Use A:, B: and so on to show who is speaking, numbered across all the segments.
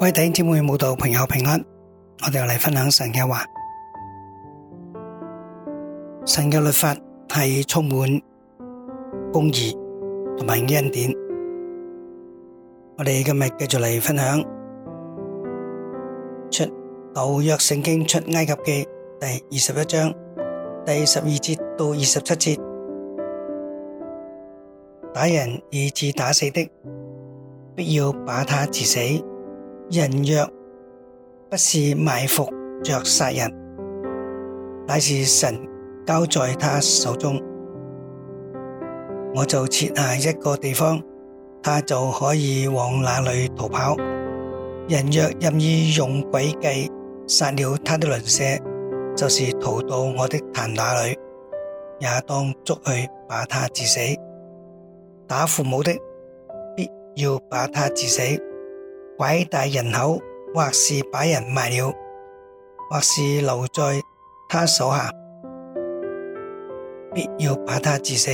A: 各位弟兄姊妹、慕道朋友平安，我哋又嚟分享神嘅話。神嘅律法係充滿公義同埋恩典。我哋今日繼續嚟分享出《舊約聖經出埃及記》第二十一章第十二節到二十七節：打人以致打死的，必要把他治死。人若不是埋伏着殺人，乃是神交在他手中，我就設下一個地方，他就可以往那裏逃跑。人若任意用詭計殺了他的鄰舍，就是逃到我的壇那裏，也當捉去把他治死。打父母的，必要把他治死。拐帶人口，或是把人賣了，或是留在他手下，必要把他治死；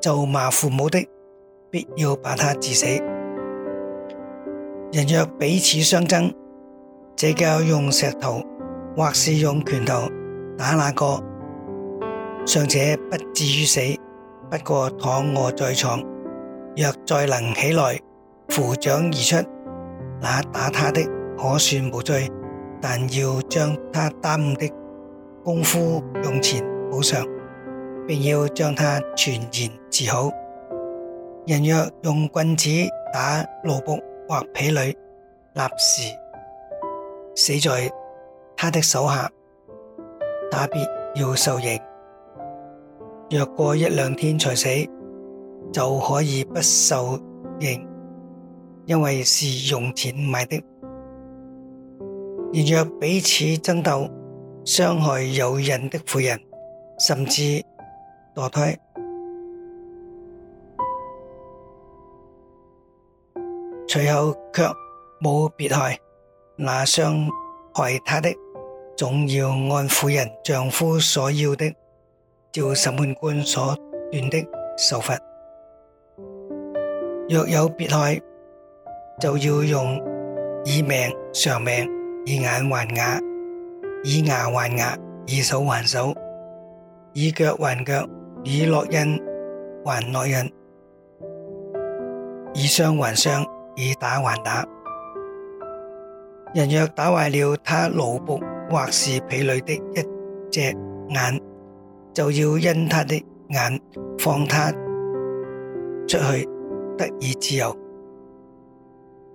A: 咒罵父母的，必要把他治死。人若彼此相爭，這叫用石頭，或是用拳頭打那個，尚且不至於死。不過躺臥在床，若再能起來，扶杖而出。那打他的可算無罪，但要將他耽誤的功夫用錢補償，並要將他全然治好。人若用棍子打奴僕或婢女，立時死在他的手下，他必要受刑；若過一兩天才死，就可以不受刑。因為是用錢買的，而若彼此爭鬥，傷害有孕的婦人，甚至墮胎，隨後却冇別害，那傷害她的，總要按婦人丈夫所要的，照審判官所斷的受罰；若有別害，就要用以命償命，以眼還眼，以牙還牙，以手還手，以腳還腳，以烙印還烙印，以傷還傷，以打還打。人若打壞了他腦部或是婢女的一隻眼，就要因他的眼，放他出去，得以自由。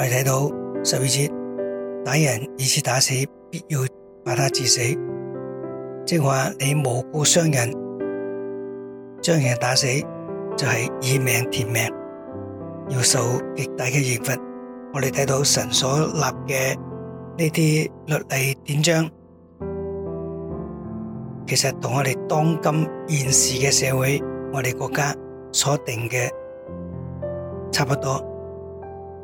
A: 我哋睇到十二節打人以致打死，必要把他致死，即係話你無故傷人，將人打死就係以命填命，要受極大嘅刑罰。我哋睇到神所立嘅呢啲律例典章，其實同我哋當今現時嘅社會，我哋國家所定嘅差不多。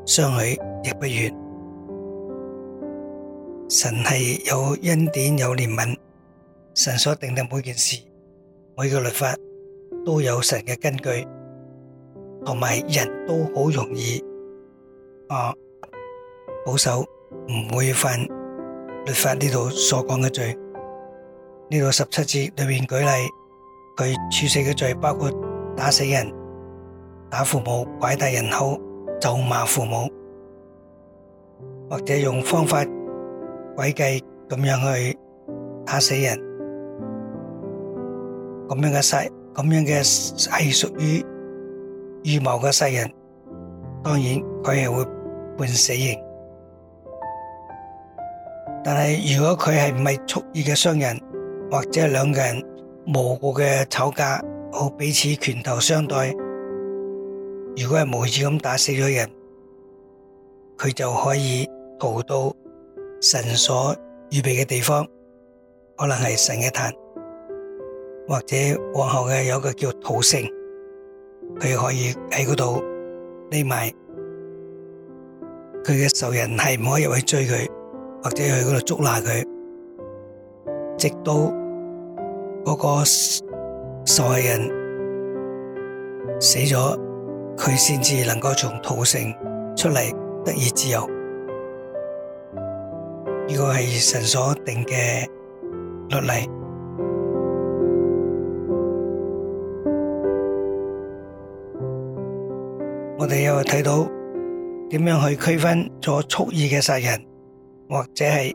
A: 相許亦不遠，神係有恩典有憐憫，神所定定每件事，每個律法都有神嘅根據，同埋人都好容易啊，保守唔會犯律法呢度所講嘅罪。呢度十七節裏面舉例佢處死嘅罪包括打死人、打父母、拐帶人口。咒罵父母，或者用方法詭計咁樣去嚇死人，咁樣嘅殺，咁樣嘅係屬於預謀嘅殺人，當然佢係會判死刑。但係如果佢係唔係蓄意嘅傷人，或者兩個人無故嘅吵架，好彼此拳頭相對。如果係無意咁打死咗人，佢就可以逃到神所預備嘅地方，可能係神嘅壇，或者往後嘅有一個叫土城，佢可以喺嗰度匿埋。佢嘅仇人係唔可以入去追佢，或者去嗰度捉拿佢，直到嗰個受害人死咗。佢先至能夠從土城出嚟，得以自由。呢個係神所定嘅律例。我哋又睇到點樣去區分咗蓄意嘅殺人或者係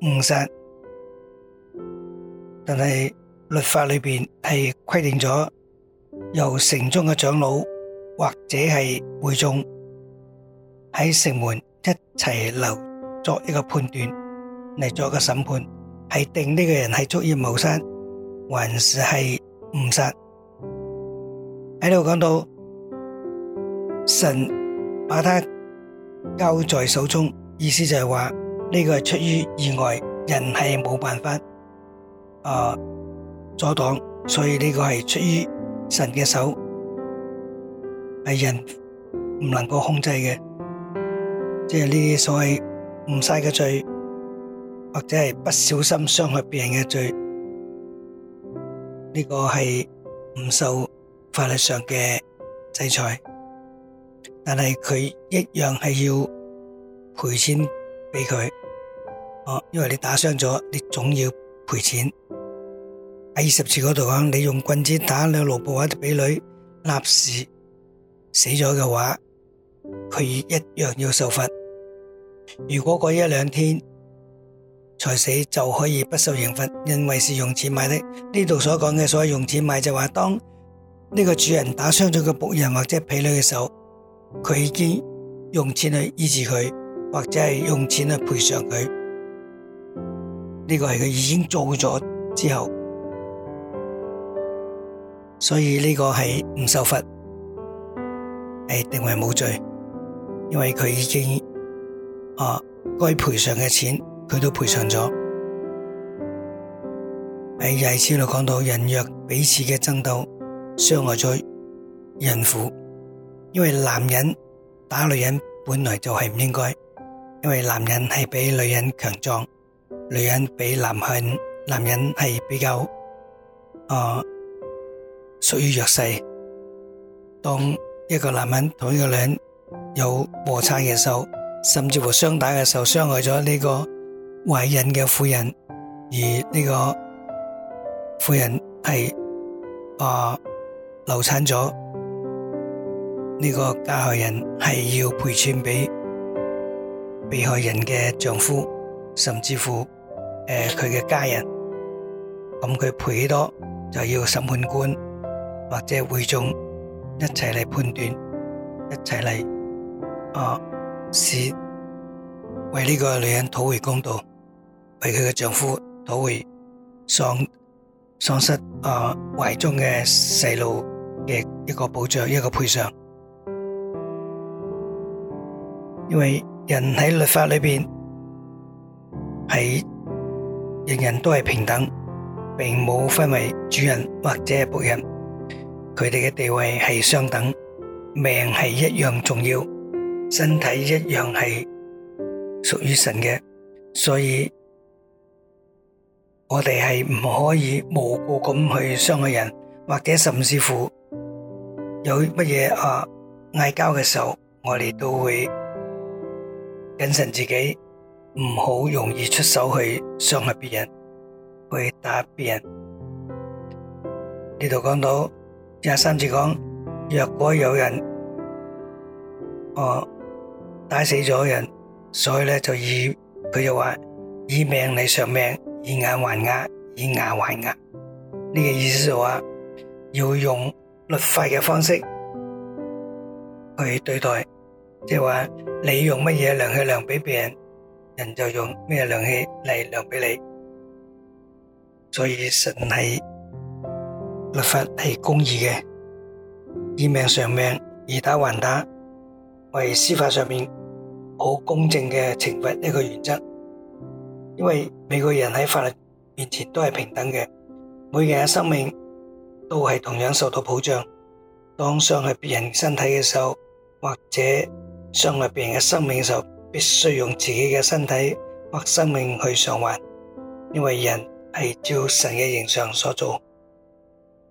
A: 誤殺，但係律法裏邊係規定咗由城中嘅長老。或者係會眾喺城門一齊留作一個判斷，嚟作個審判，係定呢個人係蓄意謀殺，還是係誤殺？喺呢度講到神把他交在手中，意思就係話呢個係出於意外，人係冇辦法啊阻擋，所以呢個係出於神嘅手。係人唔能夠控制嘅，即係呢啲所謂唔曬嘅罪，或者係不小心傷害別人嘅罪，呢個係唔受法律上嘅制裁，但係佢一樣係要賠錢俾佢。哦，因為你打傷咗，你總要賠錢。喺二十字嗰度講，你用棍子打你老婆或者，就畀女立時。死咗嘅話，佢一樣要受罰。如果過一兩天才死，就可以不受刑罰，因為是用錢買的。呢度所講嘅所謂用錢買就，就話當呢個主人打傷咗個僕人或者婢女嘅時候，佢已經用錢去醫治佢，或者係用錢去賠償佢。呢、這個係佢已經做咗之後，所以呢個係唔受罰。誒，定為冇罪，因為佢已經啊該賠償嘅錢佢都賠償咗。喺廿四度講到人若彼此嘅爭鬥，傷害咗孕婦，因為男人打女人本來就係唔應該，因為男人係比女人強壯，女人比男性，男人係比較啊屬於弱勢，當。一個男人同一個女人有摩擦嘅時候，甚至乎相打嘅時候，傷害咗呢個懷孕嘅婦人，而呢個婦人係啊、呃、流產咗。呢、呢個加害人係要賠錢俾被害人嘅丈夫，甚至乎誒佢嘅家人。咁、嗯、佢賠幾多就要審判官或者會眾。一齊嚟判斷，一齊嚟啊，是為呢個女人討回公道，為佢嘅丈夫討回喪喪失啊懷中嘅細路嘅一個保障，一個賠償。因為人喺律法裏邊係人人都係平等，並冇分為主人或者僕人。佢哋嘅地位係相等，命係一樣重要，身體一樣係屬於神嘅，所以我哋係唔可以無故咁去傷害人，或者甚至乎有乜嘢啊嗌交嘅時候，我哋都會謹慎自己，唔好容易出手去傷害別人，去打別人。呢度講到。甚至講，若果有人哦打死咗人，所以咧，就以佢就話以命嚟償命，以眼還眼，以牙還牙。呢個意思就話要用律法嘅方式去對待，即係話你用乜嘢量器量俾別人，人就用咩量器嚟量俾你。所以神係。律法係公義嘅，以命償命，以打還打，為司法上面好公正嘅懲罰一個原則。因為每個人喺法律面前都係平等嘅，每個人嘅生命都係同樣受到保障。當傷害別人身體嘅時候，或者傷害別人嘅生命嘅時候，必須用自己嘅身體或生命去償還。因為人係照神嘅形象所做。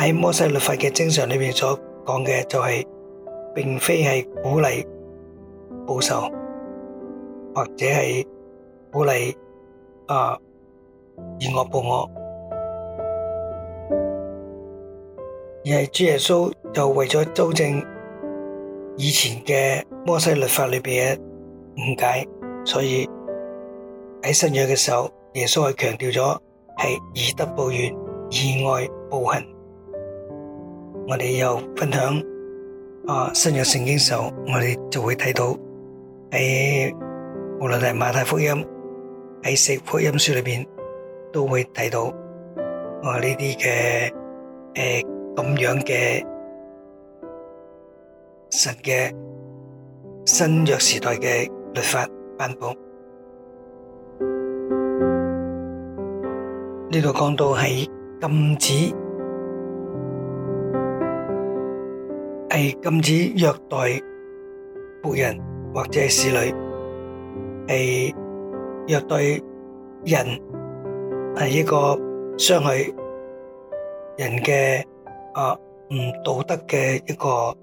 A: 喺摩西律法嘅精神裏面所講嘅就係，並非係鼓勵報仇，或者係鼓勵啊以惡報惡，而係主耶穌就為咗糾正以前嘅摩西律法裏面嘅誤解，所以喺新約嘅時候，耶穌係強調咗係以德報怨，以愛報恨。我哋又分享啊新約聖經嘅時候，我哋就會睇到喺無論係馬太福音喺四福音書裏邊都會睇到啊呢啲嘅誒咁樣嘅神嘅新約時代嘅律法頒布，呢度講到係禁止。係禁止虐待僕人或者侍女，係虐待人，係一個傷害人嘅啊唔道德嘅一個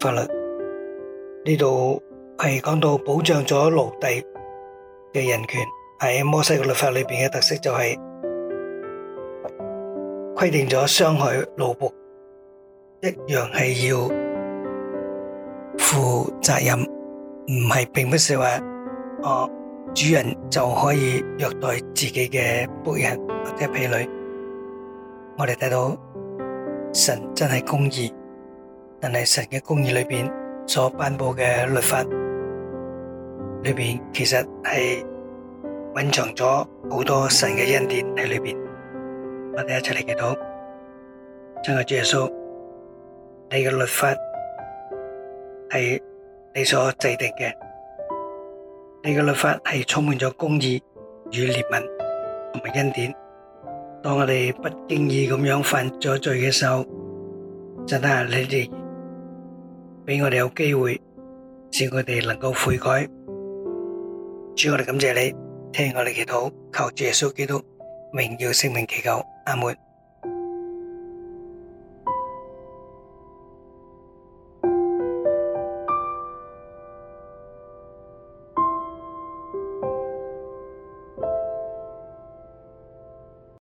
A: 法律。呢度係講到保障咗奴隸嘅人權，喺摩西嘅律法裏面嘅特色就係規定咗傷害奴僕一樣係要負責任，唔係並不是話，哦，主人就可以虐待自己嘅僕人或者婢女。我哋睇到神真係公義，但係神嘅公義裏面所頒布嘅律法裏面，其實係蘊藏咗好多神嘅恩典喺裏面。我哋一齊嚟祈禱，親愛主耶穌。你嘅律法係你所制定嘅，你嘅律法係充滿咗公義與憐憫同埋恩典。當我哋不經意咁樣犯咗罪嘅時候，神啊，你哋俾我哋有機會，使我哋能夠悔改。主，我哋感謝你，聽我哋祈禱，求主耶穌基督榮耀聖名祈求。阿門。